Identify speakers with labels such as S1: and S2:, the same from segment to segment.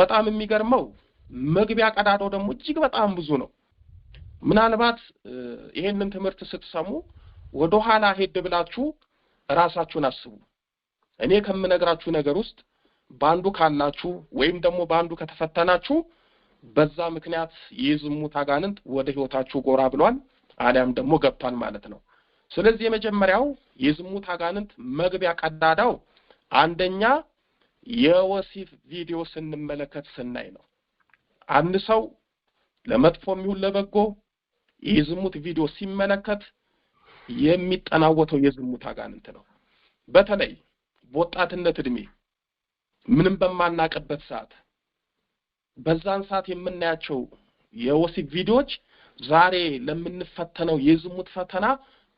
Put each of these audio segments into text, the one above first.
S1: በጣም የሚገርመው መግቢያ ቀዳዳው ደግሞ እጅግ በጣም ብዙ ነው። ምናልባት ይሄንን ትምህርት ስትሰሙ ወደ ኋላ ሄድ ብላችሁ ራሳችሁን አስቡ። እኔ ከምነግራችሁ ነገር ውስጥ በአንዱ ካላችሁ ወይም ደግሞ በአንዱ ከተፈተናችሁ በዛ ምክንያት የዝሙት አጋንንት ወደ ህይወታችሁ ጎራ ብሏል አሊያም ደግሞ ገብቷል ማለት ነው። ስለዚህ የመጀመሪያው የዝሙት አጋንንት መግቢያ ቀዳዳው አንደኛ የወሲብ ቪዲዮ ስንመለከት ስናይ ነው። አንድ ሰው ለመጥፎ ይሁን ለበጎ የዝሙት ቪዲዮ ሲመለከት የሚጠናወተው የዝሙት አጋንንት ነው። በተለይ በወጣትነት እድሜ ምንም በማናቅበት ሰዓት በዛን ሰዓት የምናያቸው የወሲብ ቪዲዮዎች ዛሬ ለምንፈተነው የዝሙት ፈተና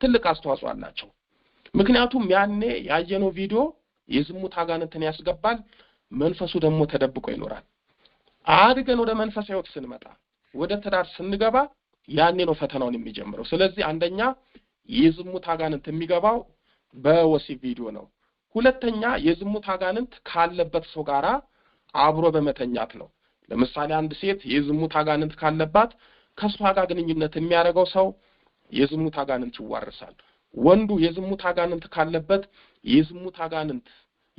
S1: ትልቅ አስተዋጽኦ አላቸው። ምክንያቱም ያኔ ያየነው ቪዲዮ የዝሙት አጋንንትን ያስገባል። መንፈሱ ደግሞ ተደብቆ ይኖራል። አድገን ወደ መንፈስ ህይወት ስንመጣ ወደ ትዳር ስንገባ ያኔ ነው ፈተናውን የሚጀምረው። ስለዚህ አንደኛ የዝሙት አጋንንት የሚገባው በወሲብ ቪዲዮ ነው። ሁለተኛ የዝሙት አጋንንት ካለበት ሰው ጋራ አብሮ በመተኛት ነው። ለምሳሌ አንድ ሴት የዝሙት አጋንንት ካለባት ከእሷ ጋር ግንኙነት የሚያደርገው ሰው የዝሙት አጋንንት ይዋርሳል። ወንዱ የዝሙት አጋንንት ካለበት የዝሙት አጋንንት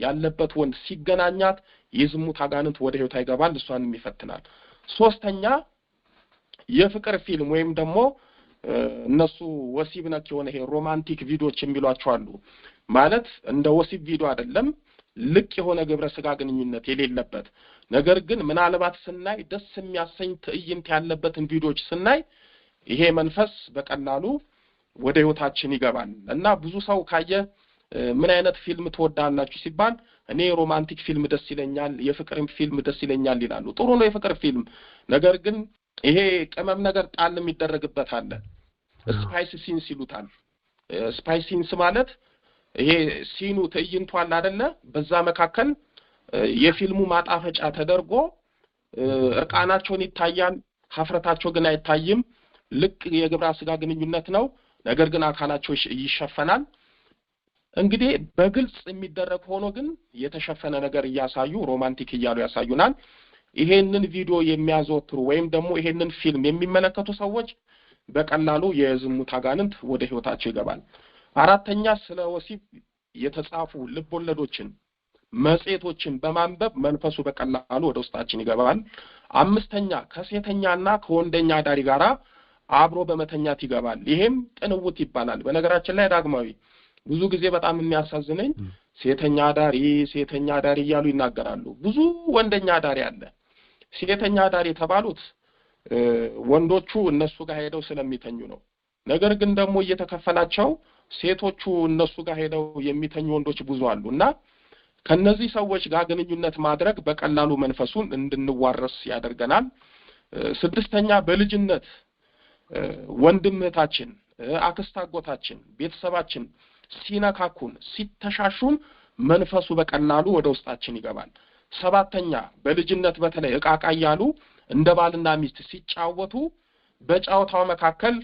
S1: ያለበት ወንድ ሲገናኛት የዝሙት አጋንንት ወደ ህይወቷ ይገባል፣ እሷንም ይፈትናል። ሶስተኛ የፍቅር ፊልም ወይም ደግሞ እነሱ ወሲብ ነክ የሆነ ይሄ ሮማንቲክ ቪዲዮዎች የሚሏቸው አሉ። ማለት እንደ ወሲብ ቪዲዮ አይደለም፣ ልቅ የሆነ ግብረ ስጋ ግንኙነት የሌለበት ነገር ግን ምናልባት ስናይ ደስ የሚያሰኝ ትዕይንት ያለበትን ቪዲዮዎች ስናይ ይሄ መንፈስ በቀላሉ ወደ ህይወታችን ይገባል እና ብዙ ሰው ካየ ምን አይነት ፊልም ትወዳላችሁ ሲባል እኔ ሮማንቲክ ፊልም ደስ ይለኛል፣ የፍቅር ፊልም ደስ ይለኛል ይላሉ። ጥሩ ነው የፍቅር ፊልም። ነገር ግን ይሄ ቅመም ነገር ጣል የሚደረግበት አለ። ስፓይስ ሲንስ ይሉታል። ስፓይስ ሲንስ ማለት ይሄ ሲኑ ትዕይንቱ አለ አይደለ? በዛ መካከል የፊልሙ ማጣፈጫ ተደርጎ እርቃናቸውን ይታያል፣ ሀፍረታቸው ግን አይታይም። ልቅ የግብረ ስጋ ግንኙነት ነው። ነገር ግን አካላቸው ይሸፈናል። እንግዲህ በግልጽ የሚደረግ ሆኖ ግን የተሸፈነ ነገር እያሳዩ ሮማንቲክ እያሉ ያሳዩናል። ይሄንን ቪዲዮ የሚያዘወትሩ ወይም ደግሞ ይሄንን ፊልም የሚመለከቱ ሰዎች በቀላሉ የዝሙት አጋንንት ወደ ህይወታቸው ይገባል። አራተኛ ስለ ወሲብ የተጻፉ ልቦለዶችን፣ መጽሔቶችን በማንበብ መንፈሱ በቀላሉ ወደ ውስጣችን ይገባል። አምስተኛ ከሴተኛና ከወንደኛ አዳሪ ጋራ አብሮ በመተኛት ይገባል። ይሄም ጥንውት ይባላል። በነገራችን ላይ ዳግማዊ ብዙ ጊዜ በጣም የሚያሳዝነኝ ሴተኛ አዳሪ ሴተኛ አዳሪ እያሉ ይናገራሉ። ብዙ ወንደኛ አዳሪ አለ። ሴተኛ አዳሪ የተባሉት ወንዶቹ እነሱ ጋር ሄደው ስለሚተኙ ነው። ነገር ግን ደግሞ እየተከፈላቸው ሴቶቹ እነሱ ጋር ሄደው የሚተኙ ወንዶች ብዙ አሉ እና ከነዚህ ሰዎች ጋር ግንኙነት ማድረግ በቀላሉ መንፈሱን እንድንዋረስ ያደርገናል። ስድስተኛ በልጅነት ወንድም እህታችን፣ አክስት አጎታችን፣ ቤተሰባችን ሲነካኩን፣ ሲተሻሹን መንፈሱ በቀላሉ ወደ ውስጣችን ይገባል። ሰባተኛ በልጅነት በተለይ እቃ እያሉ እንደ ባልና ሚስት ሲጫወቱ በጫወታው መካከል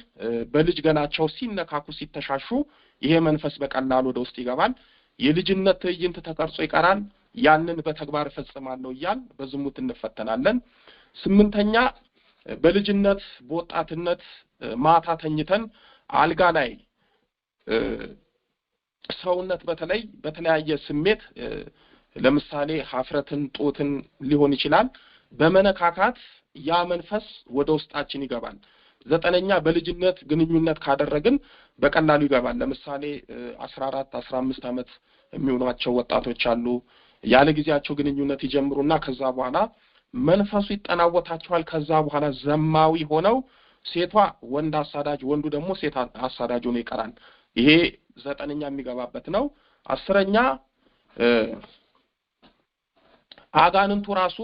S1: በልጅ ገናቸው ሲነካኩ ሲተሻሹ ይሄ መንፈስ በቀላሉ ወደ ውስጥ ይገባል። የልጅነት ትዕይንት ተቀርጾ ይቀራል። ያንን በተግባር እፈጽማለሁ እያል በዝሙት እንፈተናለን። ስምንተኛ በልጅነት በወጣትነት ማታ ተኝተን አልጋ ላይ ሰውነት በተለይ በተለያየ ስሜት ለምሳሌ ሀፍረትን፣ ጦትን ሊሆን ይችላል በመነካካት ያ መንፈስ ወደ ውስጣችን ይገባል። ዘጠነኛ በልጅነት ግንኙነት ካደረግን በቀላሉ ይገባል። ለምሳሌ አስራ አራት አስራ አምስት ዓመት የሚሆኗቸው ወጣቶች አሉ። ያለ ጊዜያቸው ግንኙነት ይጀምሩና ከዛ በኋላ መንፈሱ ይጠናወታቸዋል። ከዛ በኋላ ዘማዊ ሆነው ሴቷ ወንድ አሳዳጅ፣ ወንዱ ደግሞ ሴት አሳዳጅ ሆኖ ይቀራል። ይሄ ዘጠነኛ የሚገባበት ነው። አስረኛ አጋንንቱ ራሱ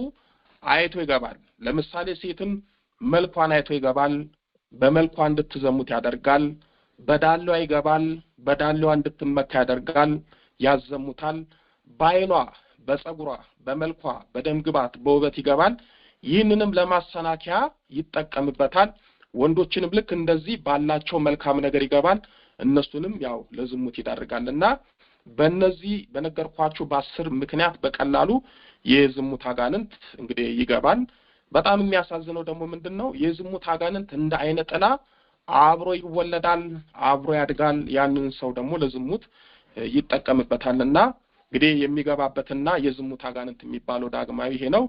S1: አይቶ ይገባል። ለምሳሌ ሴትን መልኳን አይቶ ይገባል። በመልኳ እንድትዘሙት ያደርጋል። በዳሌዋ ይገባል። በዳሌዋ እንድትመካ ያደርጋል፣ ያዘሙታል። በአይኗ በጸጉሯ፣ በመልኳ፣ በደምግባት፣ በውበት ይገባል። ይህንንም ለማሰናከያ ይጠቀምበታል። ወንዶችንም ልክ እንደዚህ ባላቸው መልካም ነገር ይገባል። እነሱንም ያው ለዝሙት ይዳርጋልና በእነዚህ በነገርኳችሁ በአስር ምክንያት በቀላሉ የዝሙት አጋንንት እንግዲህ ይገባል። በጣም የሚያሳዝነው ደግሞ ምንድን ነው የዝሙት አጋንንት እንደ አይነ ጥላ አብሮ ይወለዳል፣ አብሮ ያድጋል። ያንን ሰው ደግሞ ለዝሙት ይጠቀምበታል እና እንግዲህ የሚገባበትና የዝሙት አጋንንት የሚባለው ዳግማዊ ይሄ ነው።